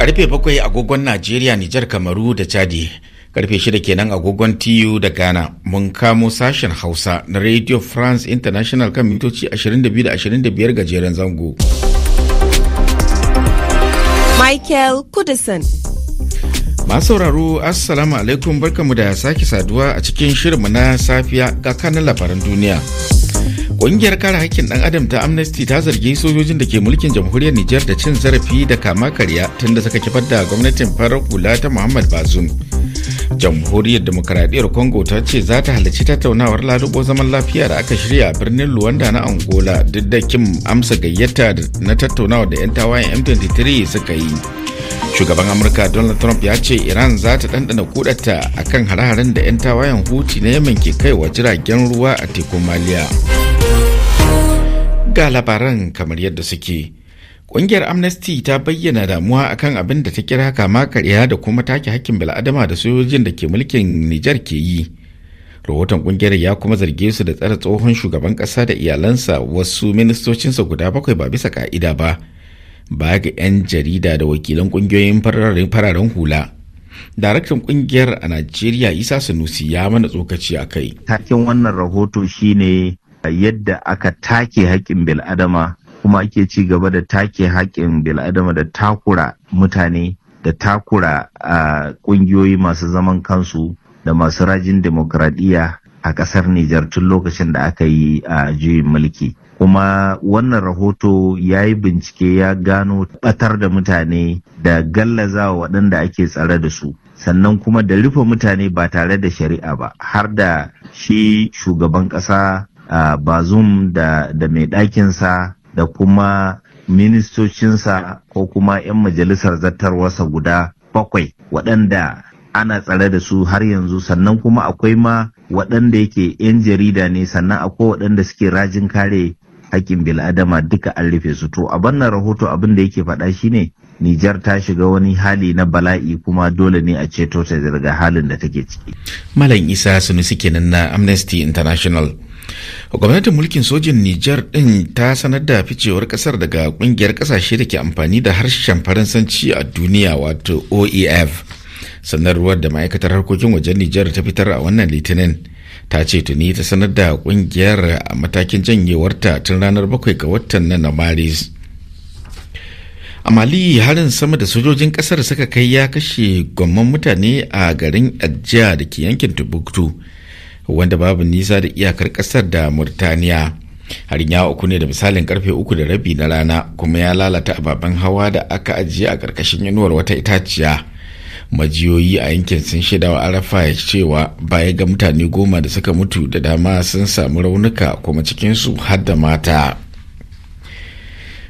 karfe bakwai agogon najeriya nijar kamaru da chadi karfe shida kenan agogon tu da ghana mun kamo sashen hausa na radio france international kan mitoci 22 da 25 gajeren zango michael kudison masu sauraro assalamu alaikum barkamu da sake saduwa a cikin shirinmu na safiya ga kanan labaran duniya Ƙungiyar kare hakkin ɗan adam ta Amnesty ta zargi sojojin da ke mulkin jamhuriyar Nijar da cin zarafi da kama karya tun da suka kifar da gwamnatin farar kula ta Muhammad Bazoum. Jamhuriyar Demokaradiyyar Congo ta ce za ta halarci tattaunawar ladubo zaman lafiya da aka shirya a birnin Luwanda na Angola duk da kin amsa gayyata na tattaunawa da 'yan tawayen M23 suka yi. shugaban amurka donald trump ya ce iran za ta ɗanɗana kudata kan hare-haren da 'yan tawayen huti na Yemen ke kaiwa jiragen ruwa a tekun maliya Ga labaran kamar yadda suke. Ƙungiyar Amnesty ta bayyana damuwa akan abin da ta kira kama karya da kuma take hakkin bil'adama da sojojin da ke mulkin Nijar ke yi. Rahoton ƙungiyar ya kuma zarge su da tsare tsohon shugaban ƙasa da iyalansa wasu ministocinsa guda bakwai ba bisa ka'ida ba. ba ga 'yan jarida da wakilan ƙungiyoyin fararen hula. daraktan ƙungiyar a Najeriya Isa Sanusi ya mana tsokaci a kai. Taken wannan rahoto shine yadda aka take haƙƙin bil'adama kuma ake ci gaba da take haƙƙin bil'adama da takura mutane da takura a ƙungiyoyi masu zaman kansu da masu rajin demokradiyya a ƙasar Nijar tun lokacin da aka yi a juyin mulki. Kuma wannan rahoto ya yi bincike ya gano batar da mutane da wa waɗanda ake tsare da su. Sannan kuma da rufe mutane ba tare da shari'a ba, har da shi shugaban ƙasa bazum da mai ɗakinsa da kuma ministocinsa ko kuma 'yan majalisar zattarwarsa guda bakwai waɗanda ana tsare da su har yanzu sannan kuma akwai ma waɗanda yake 'yan jarida ne sannan akwai waɗanda suke rajin kare hakkin bil'adama duka an rufe su to a bannan rahoto abin da yake faɗa shine Nijar ta shiga wani hali na bala'i kuma dole ne a ceto ta daga halin da take ciki. Malam Isa Sunusi kenan na Amnesty International. gwamnatin mulkin sojin niger din ta sanar da ficewar kasar daga kungiyar kasashe da ke amfani da harshen Faransanci a duniya wato OEF. Sanarwar da ma'aikatar harkokin wajen niger ta fitar a wannan litinin ta ce tuni ta sanar da kungiyar a matakin janyewarta tun ranar bakwai ga watan nan na Maris. a mali harin sama da sojojin kasar suka kai ya kashe gwamman mutane a garin ajiya da ke yankin tubuktu wanda babu nisa da iyakar kasar da murtaniya harin ya uku ne da misalin karfe uku da rabi na rana kuma ya lalata ababen hawa da aka ajiye a karkashin inuwar wata itaciya majiyoyi a yankin sun shaida wa arafa ya cewa baya ga mutane goma da suka mutu da dama sun samu raunuka kuma cikinsu har da mata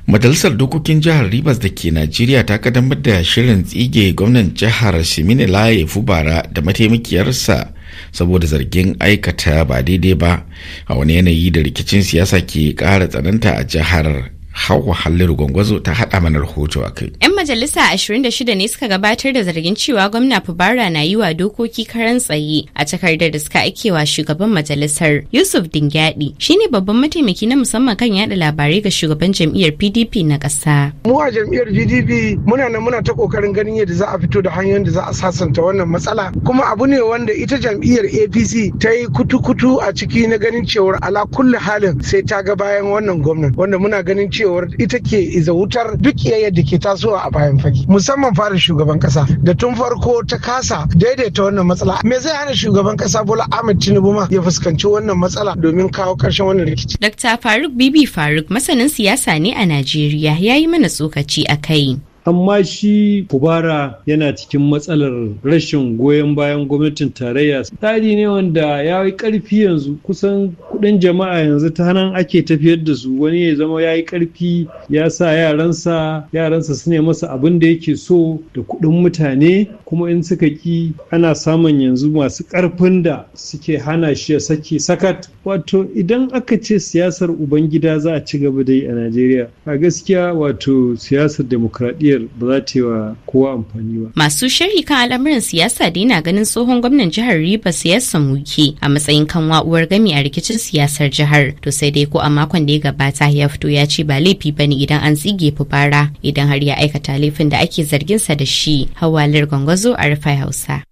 majalisar dokokin jihar rivers da ke najeriya ta kaddamar da shirin tsige gwamnan jihar simini laye fubara da mataimakiyarsa saboda zargin aikata ba daidai ba a wani yanayi da rikicin siyasa ke ƙara tsananta a jihar Hauwa Halliru Gwangwazo ta haɗa mana rahoto a kai. 'Yan majalisa 26 ne suka gabatar da zargin cewa gwamna Fubara na yi wa dokoki karan tsaye a takardar da suka wa shugaban majalisar Yusuf Dingyadi ne babban mataimaki na musamman kan yada labarai ga shugaban jam'iyyar PDP na ƙasa. Mu a jam'iyyar PDP muna nan muna ta kokarin ganin yadda za a fito da hanyoyin da za a sasanta wannan matsala kuma abu ne wanda ita jam'iyyar APC ta yi kutu-kutu a ciki na ganin cewar ala kulli halin sai ta ga bayan wannan gwamnan wanda muna ganin cewa cewar ita ke iza wutar duk iyayyar da ke tasowa a bayan fage musamman fara shugaban kasa da tun farko ta kasa daidaita wannan matsala me zai hana shugaban kasa bola ahmed tinubu ma ya fuskanci wannan matsala domin kawo karshen wannan rikici dr faruk bibi faruk masanin siyasa ne a najeriya ya yi mana tsokaci a kai amma shi kubara yana cikin matsalar rashin goyon bayan gwamnatin tarayya tsari ne wanda ya yi karfi yanzu kusan kudin jama'a yanzu ta nan ake tafiyar da su wani ya zama ya yi karfi ya sa yaransa yaransa su ne masa abin da yake so da kudin mutane kuma in suka ki ana samun yanzu masu karfin da suke hana shi ya sake sakat wato idan aka ce siyasar ubangida za a ci gaba da yi a najeriya a gaskiya wato siyasar demokradiyya jam'iyyar ba wa kowa amfani ba. Masu sharhi kan al'amuran siyasa dai na ganin tsohon gwamnan jihar Rivers ya muke a matsayin kan wa'uwar gami a rikicin siyasar jihar. To sai dai ko a makon da ya gabata ya fito ya ce ba laifi ba ne idan an tsige fubara idan har ya aikata laifin da ake zarginsa da shi. Hawalar gwangwazo a Rufai Hausa.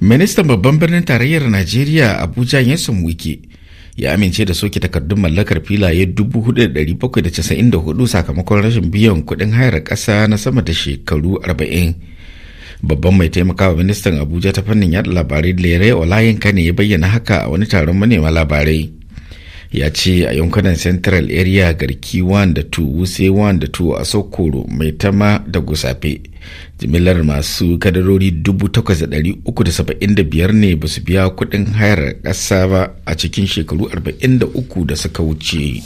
Ministan babban birnin tarayyar Najeriya Abuja Yesun Wike ya amince da soke takardun mallakar filaye 4,794 sakamakon rashin biyan kuɗin hayar ƙasa na sama da shekaru 40. Babban mai taimakawa ministan Abuja ta fannin yada labarai Lere Olayinka ne ya bayyana haka a wani taron manema labarai. ya ce a yankunan central area garki 1 da 2 wuse 1 da 2 a sokoro mai tama da gusafe jimillar masu kadarori 8,375 ne ba su biya kudin hayar ƙasa ba a cikin shekaru 43 da suka wuce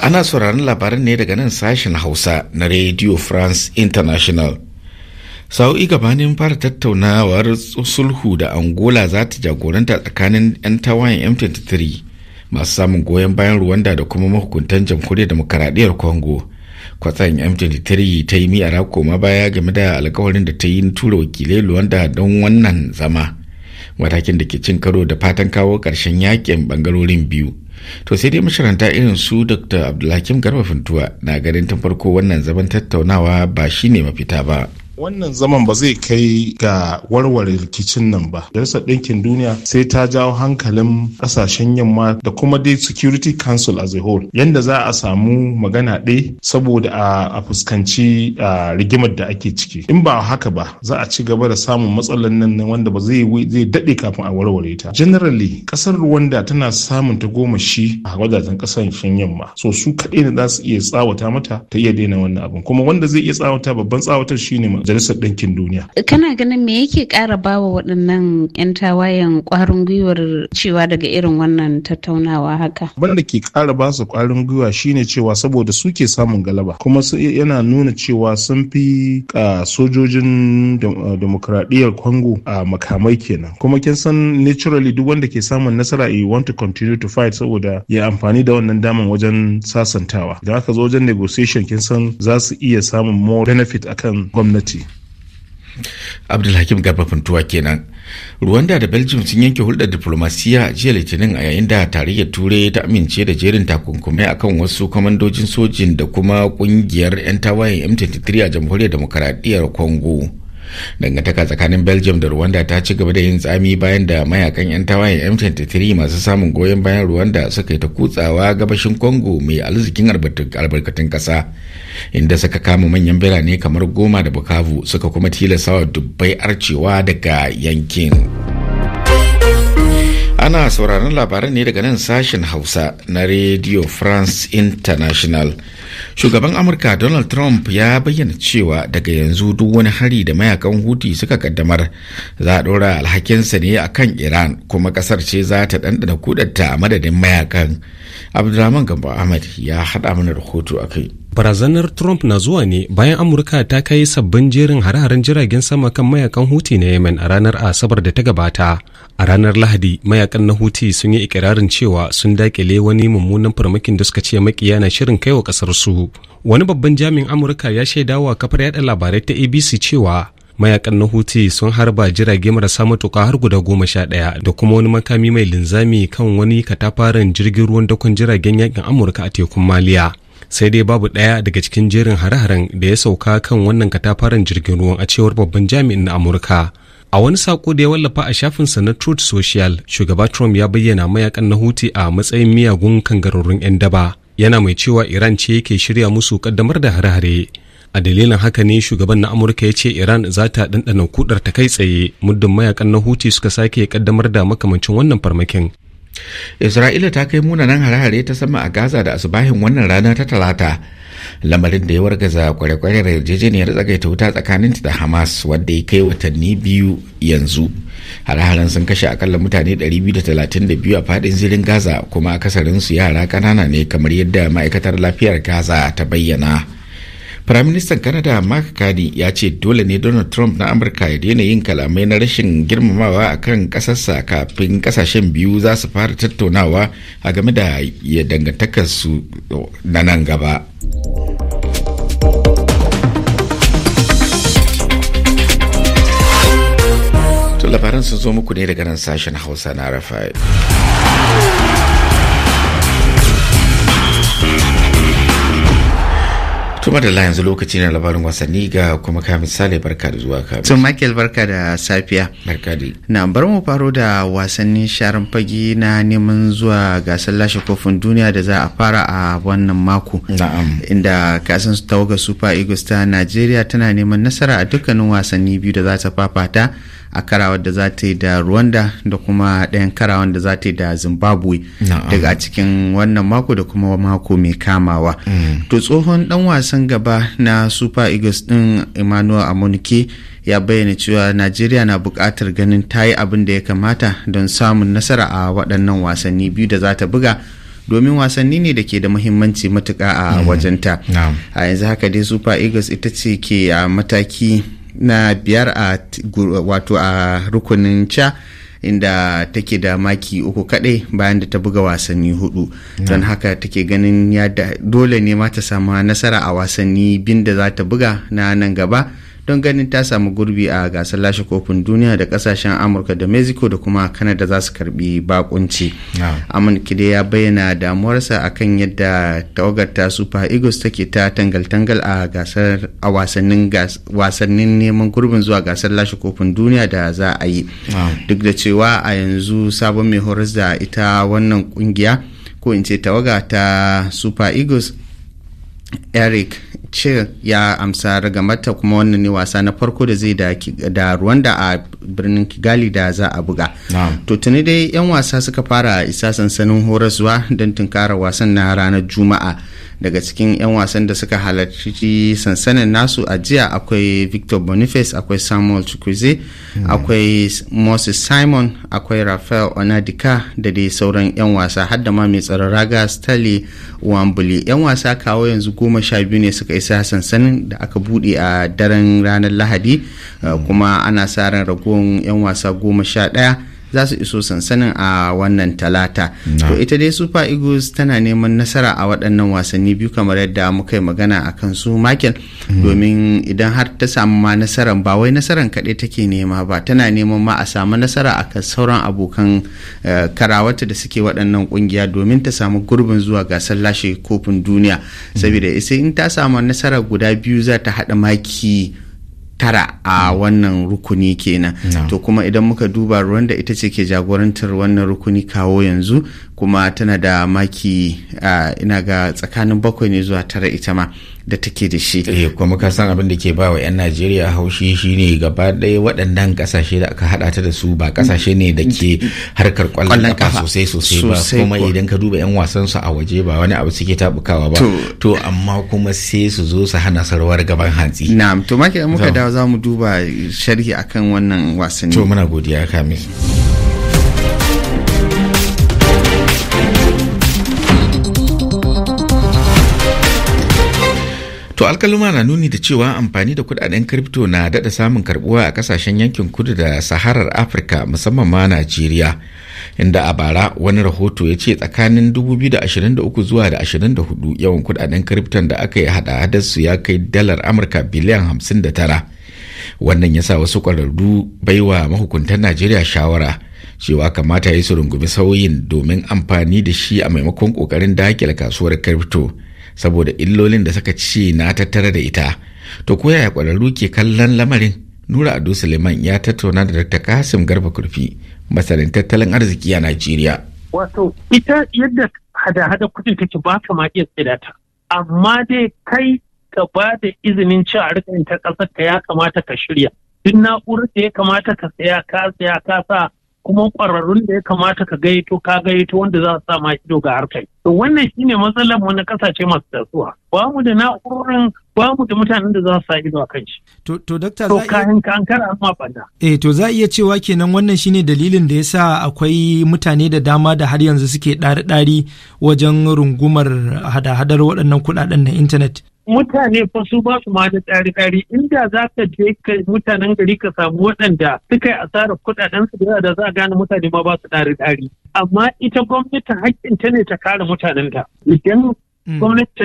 ana sauraron labaran ne daga nan sashen hausa na radio france international sa'o'i gabanin fara tattaunawar sulhu da angola za ta jagoranta tsakanin 'yan tawayen m23 masu samun goyon bayan rwanda da kuma mahukuntan jamhuriyar demokaradiyyar congo kwatsan m23 ta yi miyara koma baya game da alkawarin da ta yi tura wakilai luwanda don wannan zama matakin da ke cin karo da fatan kawo karshen yakin bangarorin biyu to sai dai masharanta irin su dr abdulhakim garba fintuwa na ganin tun farko wannan zaman tattaunawa ba shine mafita ba wannan zaman ba zai kai ga warware rikicin nan ba majalisar ɗinkin duniya sai ta jawo hankalin ƙasashen yamma da kuma dai security council as a whole yanda za a samu magana ɗaya saboda a fuskanci rigimar da ake ciki in ba haka ba za a ci gaba da samun matsalar nan wanda ba zai daɗe kafin a warware ta generally ƙasar rwanda tana samun ta goma shi a wajajen ƙasashen yamma so su kaɗai ne za su iya tsawata mata ta iya daina wannan abin kuma wanda zai iya tsawata babban tsawatar shine majalisar ɗinkin duniya. Kana ganin me yake ƙara bawa waɗannan 'yan tawayen ƙwarin gwiwar cewa daga irin wannan tattaunawa haka? Wanda ke ƙara ba su ƙwarin gwiwa shine cewa saboda su ke samun galaba kuma yana nuna cewa sun fi sojojin demokradiyyar Congo a makamai kenan kuma kin san naturally duk wanda ke samun nasara 'I want to continue to fight saboda ya amfani da wannan daman wajen sasantawa da aka zo wajen negotiation kin san za su iya samun more benefit akan gwamnati abdulhakim garba fintuwa kenan rwanda da belgium sun yanke hulɗar diplomasiya a jiya litinin a yayin da tarayyar turai ta amince da jerin takunkumai akan wasu kwamandojin sojin da kuma ƙungiyar 'yan tawayen m23 a jamhuriyar demokaradiyyar congo dangantaka tsakanin belgium da rwanda ta ci gaba da yin tsami bayan da mayakan 'yan tawayen m23 masu samun goyon bayan rwanda suka yi ta kutsawa gabashin congo mai arzikin albarkatun kasa inda suka kama manyan birane kamar goma da bukavu suka kuma tilasta wa dubbai arcewa daga yankin. ana sauraron labaran ne daga nan sashen hausa na radio france international shugaban amurka donald trump ya bayyana cewa daga yanzu duk wani hari da mayakan huti suka kaddamar za a dora alhakinsa ne a kan iran kuma ƙasar ce za ta ɗanɗana kudatta a madadin mayakan abdulrahman gambo ahmed ya haɗa mana rahoto a kai barazanar trump na zuwa ne bayan amurka ta kai sabbin jerin hare-haren jiragen sama kan mayakan huti na yemen a ranar asabar da ta gabata a ranar lahadi mayakan na huti sun yi ikirarin cewa sun dakile wani mummunan farmakin da suka ce makiya na shirin kai wa kasar su wani babban jami'in amurka ya shaidawa kafar yada labarai ta abc cewa mayakan na huti sun harba jirage marasa matuka har guda goma sha ɗaya da kuma wani makami mai linzami kan wani katafaren jirgin ruwan dakon jiragen yakin amurka a tekun maliya sai dai babu ɗaya daga cikin jerin hare-haren da ya sauka kan wannan katafaren jirgin ruwan a cewar babban jami'in na amurka A wani sako da ya wallafa a shafinsa na Truth Social, shugaba Trump ya bayyana mayakan na Houthi a matsayin miyagun kangarorin 'yan daba, yana mai cewa Iran ce yake shirya musu kaddamar da hare-hare. A dalilin haka ne shugaban na Amurka ya ce Iran za ta ɗanɗana kudar ta kai tsaye muddin mayakan na huti suka sake kaddamar da makamancin wannan farmakin. Isra'ila ta kai munanan hare-hare ta sama a Gaza da asubahin wannan rana ta Talata. lamarin da ya wargaza kware-kware da yarjejeniyar tsagaita wuta tsakanin da hamas wadda ya kai watanni biyu yanzu hare-haren sun kashe akalla mutane 232 a fadin zirin gaza kuma akasarinsu yara ƙanana ne kamar yadda ma'aikatar lafiyar gaza ta bayyana Firaministan Canada Mark Carney ya ce dole ne Donald Trump na Amurka ya daina yin kalamai na rashin girmamawa a kan ƙasarsa kafin ƙasashen biyu za su fara tattaunawa a game da ya su na nan gaba. labaran sun zo muku ne daga nan sashen hausa na Rafael. kuma da la yanzu lokaci na labarin wasanni ga kuma ka misali barka da zuwa ka so michael barka da safiya barka da na bar mu faro da wasannin sharan fage na neman zuwa gasar lashe kofin duniya da za a fara a wannan mako na'am inda kasan tawaga super eagles ta nigeria tana neman nasara a dukkanin wasanni biyu da za ta fafata a karawar da za ta yi da rwanda da kuma ɗayan karawar da za ta yi da zimbabwe daga cikin wannan mako da kuma mako mai kamawa mm. to tsohon dan wasan gaba na super eagles din emmanuel amunike ya bayyana cewa najeriya na buƙatar ganin ta yi abin da ya kamata don samun nasara a waɗannan wasanni biyu da za ta buga domin wasanni ne da ke da muhimmanci matuƙa a mm. wajenta a yanzu haka dai super eagles ita ce ke a mataki na biyar a wato a rukunin ca inda take da maki uku kadai bayan da ta buga wasanni hudu don haka take ganin ya dole ne ma ta samu nasara a wasanni bin da za ta buga na nan gaba don ganin ta samu gurbi a gasar lashe kofin duniya da kasashen amurka da mexico da kuma kanada za su karbi bakunci amin kide ya bayyana damuwarsa akan yadda tawagar ta super eagles take ta tangal-tangal a gasar a wasannin neman gurbin zuwa gasar lashe kofin duniya da za a yi duk da cewa a yanzu sabon mai horas da ita wannan kungiya ko in ce tawaga ta super eagles eric ce ya amsa mata kuma wannan ne wasa na farko da zai da rwanda a birnin kigali da za a buga to tuni dai 'yan wasa suka fara isa sansanin horaswa don tunkara wasan na ranar juma'a daga cikin 'yan wasan da suka halarci sansanin nasu a jiya akwai victor boniface akwai samuel chukwuze hmm. akwai moses simon akwai rafael onadika da dai sauran 'yan wasa har ma mai tsaron raga stanley wambuli 'yan wasa kawo yanzu goma goma sha biyu ne suka isa sansanin da aka buɗe a daren ranar lahadi uh, kuma ana sa ran ragowar 'yan wasa goma sha ɗaya za su iso sansanin a wannan talata to ita dai super eagles tana neman nasara a waɗannan wasanni biyu kamar yadda muka yi magana a kan su makel hmm. domin idan har ta samu ma nasaran ba wai nasaran kaɗai take nema ba tana neman ma a samu nasara a kan sauran abokan eh, karawata da suke waɗannan ƙungiya domin ta samu gurbin zuwa gasar lashe kofin duniya hmm. saboda sai in ta samu nasara guda biyu za ta haɗa maki tara a wannan rukuni kenan to kuma idan muka duba rwanda ita ce ke jagorantar wannan rukuni kawo yanzu kuma tana da maki uh, ina ga tsakanin bakwai ne zuwa tara ita ma da take da shi eh kuma ka san abin da ke ba wa 'yan najeriya haushi shine gaba ɗaya waɗannan ƙasashe da aka haɗa ta da su ba ƙasashe ne da ke harkar ƙwallon ƙafa sosai sosai ba kuma idan ka duba 'yan wasan su a waje ba wani abu suke tabukawa ba to amma kuma sai su zo su hana sarwar gaban hantsi na'am to muka dawo za mu duba sharhi akan wannan wasanni to muna godiya kamil To alkaluma na nuni da cewa amfani da kudaden kripto na dada samun karbuwa a kasashen yankin kudu da saharar Afirka musamman ma Najeriya. Inda a bara wani rahoto ya ce tsakanin 2023 zuwa da 24 yawan kudaden kripton da aka yi hada su ya kai dalar Amurka biliyan 59. Wannan ya sa wasu kwararru wa mahukuntan Najeriya shawara cewa kamata ya yi su rungumi sauyin domin amfani da shi a maimakon kokarin dakile kasuwar kripto. saboda illolin da suka ce na tattara da ita to ko yaya kwararru ke kallon lamarin nura ado suleiman ya tattauna da dr kasim garba kurfi masanin tattalin arziki a najeriya wato ita yadda hada-hada kuɗi take ba ka ma iya tsida ta amma dai kai ka ba da izinin ci a rikin ta ƙasar ka ya kamata ka shirya duk na'urar da ya kamata ka saya ka saya ka sa kuma kwararrun da ya kamata ka gayyato ka gayyato wanda za su sa ma ido ga harkar. To wannan shine matsalar mu na kasashe masu tasowa. Ba mu da na'urorin ba mu da mutanen da za su sa ido a kan shi. To to za kayan ka an kara amma Eh to za iya cewa kenan wannan shine dalilin da yasa akwai mutane da dama da har yanzu suke ɗari-ɗari wajen rungumar hada-hadar waɗannan kuɗaɗen na intanet. mutane fa su ba su ma da tsari-tsari inda za ka je mutanen gari ka samu waɗanda suka yi asarar kuɗaɗen su da za a gane mutane ma ba su tsari-tsari amma ita gwamnati ta ne ta kare ta. idan mm. gwamnati ta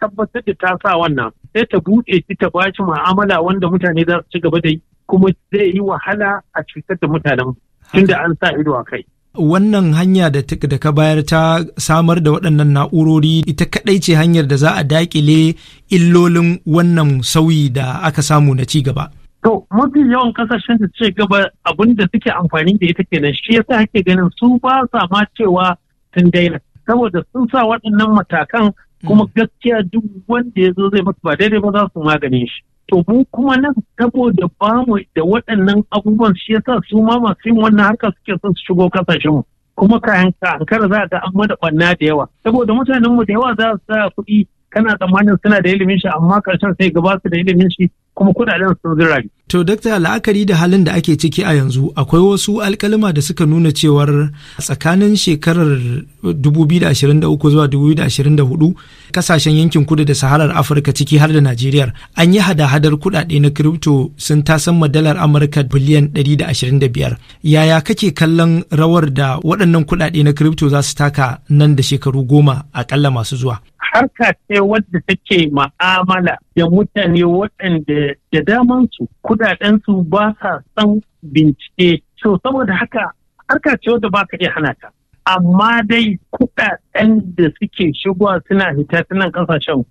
tabbatar da ta sa wannan sai ta buɗe shi ta ba shi ma'amala wanda mutane za su ci gaba da yi kuma zai yi wahala a cutar da mutanen tunda an sa ido a kai. wannan hanya da ka bayar ta samar da waɗannan na'urori ita kaɗai ce hanyar da za a daƙile illolin wannan sauyi da aka samu na ci gaba. To, mafi yawan kasashen da ce gaba abin da suke amfani da ita kenan shi yasa ake ganin su ba sa ma cewa sun daina. Saboda sun sa waɗannan matakan kuma mm. gaskiya duk wanda ya zo zai masu ba daidai ba za su magane shi. to mu kuma nan saboda ba mu da waɗannan abubuwan shi yasa su ma masu yin wannan harka suke son su shigo kasashen mu kuma kayan kankara za ga an mada ɓanna da yawa saboda mutanen mu da yawa za su sa kuɗi kana tsammanin suna da ilimin shi amma karshen sai gaba su da ilimin shi kuma kuɗaɗen sun zirari To Dokta, la'akari da halin da ake ciki a yanzu akwai wasu alkalima da suka nuna cewar tsakanin shekarar 2023 zuwa 2024 kasashen yankin kudu da saharar Afirka ciki har da Najeriya an yi hada-hadar kudade na kripto sun tasan madalar Amurka biliyan 125. Yaya kake kallon rawar da waɗannan kudade na kripto za su taka nan da shekaru goma a akalla masu zuwa? Harka ce wadda take ma'amala da mutane waɗanda da damansu kudadensu ba sa san bincike so saboda haka harka ce wadda ba ka iya hana ta amma dai kudaden da suke shigowa suna hita suna kasashen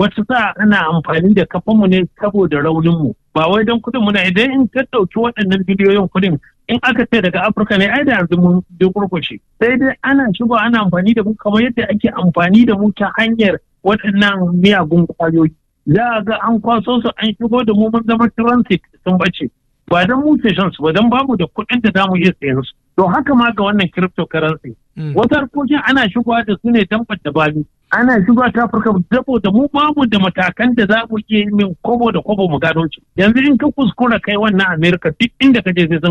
wasu sa ana amfani da kafanmu ne saboda rauninmu ba wai don kudin muna idan in ta ɗauki waɗannan bidiyoyin kudin in aka ce daga afirka ne ai da yanzu mun durkurkushe sai dai ana shigowa ana amfani da mu kamar yadda ake amfani da mu ta hanyar waɗannan miyagun kwayoyi za a ga an kwaso su an shigo da mu mun zama transit sun bace ba dan mu shan su ba dan mu da kuɗin da zamu iya sayan su to haka ma ga wannan cryptocurrency hmm. wata harkokin ana shigowa da su ne tambar da bali ana shigowa ta afirka da mu mu da matakan da za mu iya min kobo da kobo mu gano shi yanzu in ka kuskura kai wannan america duk inda ka je sai sun